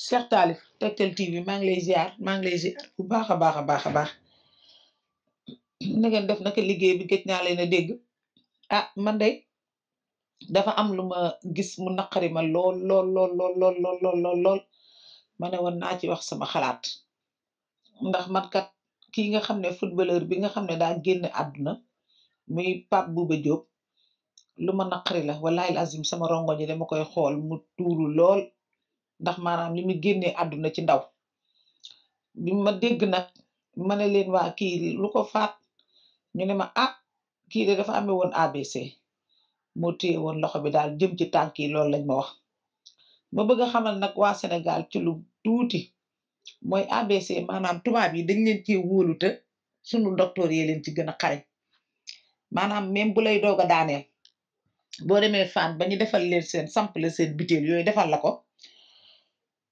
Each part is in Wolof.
Cheikh Talif Tektal TV maa ngi lay ziar maa ngi lay ziar bu baax a baax a baax a baax na ngeen def naka liggéey bi gëj naa leen a dégg ah man day dafa am lu ma gis mu naqari ma lool lool lool lool lool lool lool lool ma ne woon naa ci wax sama xalaat ndax man kat kii nga xam ne footballeur bi nga xam ne daal daa génn àdduna muy Pape Bouba Diop lu ma naqari la walaay azim sama rongo ñi dama koy xool mu tuuru lool. ndax maanaam li muy génnee àdduna ci ndaw bi ma dégg na ma ne leen waa kii lu ko faat ñu ne ma a ah, kii de dafa amee woon ABC moo téye woon loxo bi daal jëm ci tànk yi loolu lañ ma wax ma bëgg a xamal nag waa Sénégal ci lu tuuti mooy ABC maanaam tubaab yi dañ leen ci wóolu te sunu docteur yee leen ci gën a xarañ maanaam même bu lay doog a daaneel boo demee fan ba ñu defal leen seen samp la seen butéel yooyu defal la ko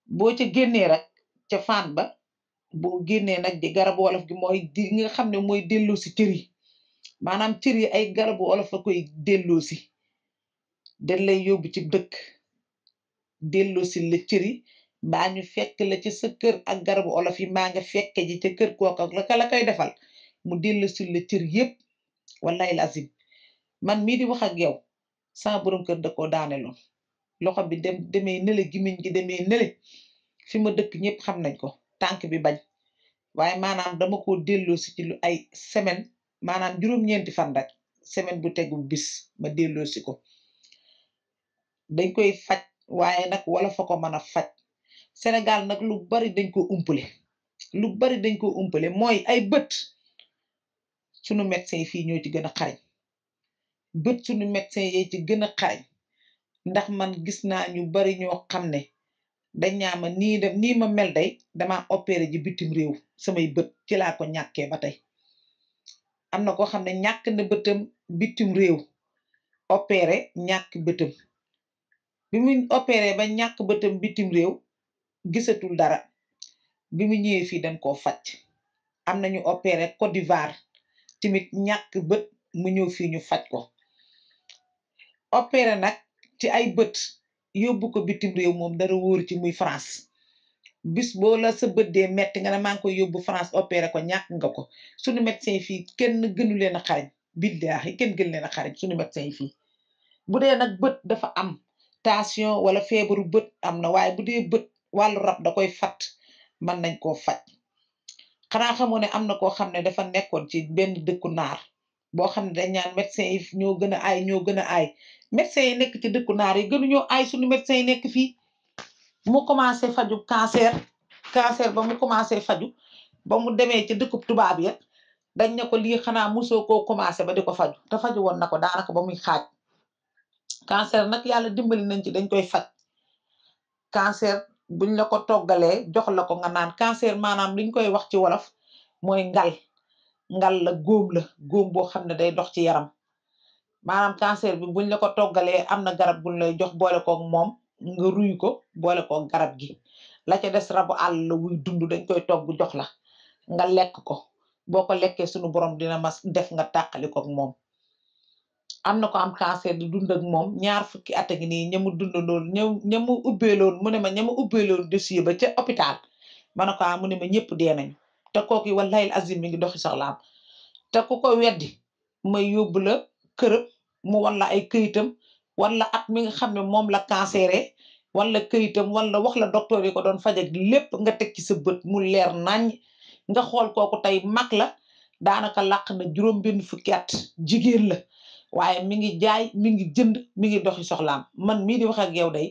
boo ca génnee rek ca faan ba boo génnee nag di garabu wolof gi mooy di nga xam ne mooy delloo si cër yi maanaam cër yi ay garabu wolof a koy delloo si dañ lay yóbbu ci dëkk delloo si la cër yi mbaa ñu fekk la ca sa ak garabu olof yi maa nga fekke ji ca kër kooku ak la la koy defal mu delloo si la cër yépp wallaay lazim man mii di wax ak yow sama borom kër da koo daaneloon loxo bi dem demee nële gimiñ gi deme nële fi ma dëkk ñëpp xam nañ ko tànk bi bañ waaye maanaam dama ko delloo si ci lu ay semaine maanaam juróom-ñeenti fan rek semaine bu tegu bis ma delloo si ko dañ koy faj waaye nag wala fa ko mën a faj Sénégal nag lu bari dañ ko umpale lu bari dañ ko umpale mooy ay bët sunu médecin fii ñoo ci gën a xarañ bët sunu médecin yi ci gën a xarañ ndax man gis naa ñu bari ñoo xam ne dañ ñaa ma ni de nii ma mel day damaa opéré ji bitim réew samay bët ci laa ko ñàkkee ba tey am na koo xam ne ñàkk na bëtam bitim réew opéré ñàkk bëtam bi mu ba ñàkk bëtam bitim réew gisatul dara bi mu ñëwee fii dañ koo faj am na ñu opéré Côte d'Ivoire tamit ñàkk bët mu ñëw fii ñu faj ko opéré nag ci ay bët yóbbu ko bitim réew moom dara wóor ci muy France bis boo la sa bët dee metti nga ne maa ngi koy yóbbu France opéré ko ñàkk nga ko suñu médecin yi fii kenn gënu leen a xarañ billaahi kenn gënu leen a xarañ suñu médecin yi fii bu dee nag bët dafa am tension wala feebaru bët am na waaye bu dee bët wàllu rab da koy fat mën nañ ko faj xanaa xamoo ne am na koo xam ne dafa nekkoon ci benn dëkku naar boo xam ne dañ ñaan médecin yi ñoo gën a aay ñoo gën a aay médecin yi nekk ci dëkku naar yi gënuñoo aay suñu médecin yi nekk fii mu commencé faju cancer cancer ba mu commencé faju ba mu demee ci dëkkub tubaab ya dañ ne li lii xanaa mosoo koo commencé ba di ko faju te faju woon na ko daanaka ba muy xaaj cancer nag yàlla dimbali nañ ci dañ koy faj cancer buñ la ko toggalee jox la ko nga naan cancer maanaam liñ koy wax ci wolof mooy ngal ngal la góom la góom boo xam ne day dox ci yaram maanaam cancer bi buñ la ko toggalee am na garab buñ lay jox boole koog moom nga ruy ko boole koog garab gi la ca des rabu àll la wuy dund dañ koy togg jox la nga lekk ko boo ko lekkee sunu borom dina ma def nga tàqali koog moom am na ko am cancer di dund ak moom ñaar fukki at a ngi nii ñamu dundandoon ñam ñamu ubbeeloon mu ne ma ñamu ubbeeloon dossier ba ca hôpital ma ne ko ah, mu ne ma ñëpp dee te kooku wallahi azim mi ngi doxi soxlaam te ku ko weddi may yóbbu la kërëb mu walla ay këyitam wala at mi nga xam ne moom la canceré e, walla këyitam wala wax la docteur yi ko doon faj ak lépp nga teg ci sa bët mu leer nañ nga xool kooku tey mag la daanaka làq na juróom benn fukki at jigéen la waaye mi ngi jaay mi ngi jënd mi ngi doxi soxlaam man mii di wax ak yow day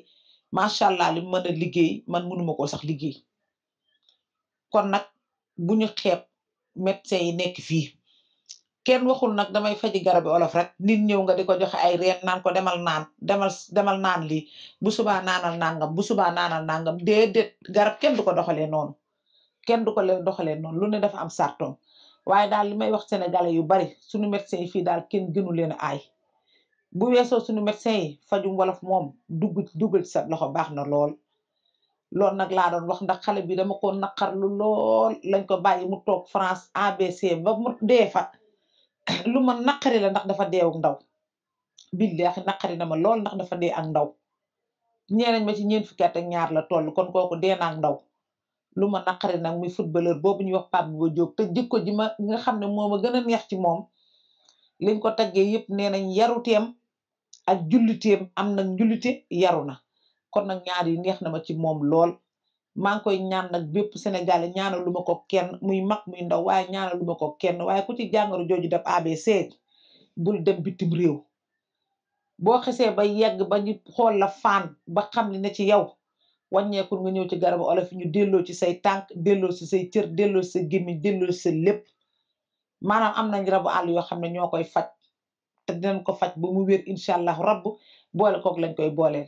macha allah li mën a liggéey man mënuma ko sax liggéey kon nag bu ñu xeeb médecin yi nekk fii kenn waxul nag damay faji garabi olof rek nit ñëw nga di ko joxe ay reen naan ko demal naan demal demal naan li bu subaa naanal nangam bu subaa naanal nangam déedéet garab kenn du ko doxalee noonu kenn du ko leen doxalee noonu lu ne dafa am sartoom waaye daal li may wax sénégalais yu bari suñu médecin yi fii daal kenn gënu leen ay bu weesoo suñu médecin yi fajum wolof moom dugg duggal ci sa loxo baax na lool loolu nag laa doon wax ndax xale bi dama ko naqarlu lool lañ ko bàyyi mu toog France ABC mba mu dee fa lu ma naqari la ndax dafa deewu ndaw billaahi naqari na ma lool ndax dafa dee ak ndaw ñeenañ ma ci ñeen fukki at ñaar la tool kon kooku dee na ndaw lu ma naqari nag muy footballeur boobu ñuy wax Pape Bouba Diop te jikko ji ma nga xam ne moo ma gën a neex ci moom liñ ko taggee yëpp nee nañ yaruteem ak julliteem am na jullite yaru na kon nag ñaar yi neex na ma ci moom lool maa ngi koy ñaan nag bépp sénégalais ñaan lu ma ko kenn muy mag muy ndaw waaye ñaanal lu ma ko kenn waaye ku ci jàngoro jooju def ABC bu dem bitim réew boo xesee ba yegg ba ñu xool la faan ba xam li na ci yow wàññeekul nga ñëw ci garabu olof ñu delloo ci say tànk delloo ci say cër delloo ci sa gémmiñ delloo ci sa lépp maanaam am nañ rabu àll yoo xam ne ñoo koy faj te dinañ ko faj ba mu wér incha allah rabb boole kook lañ koy booleel.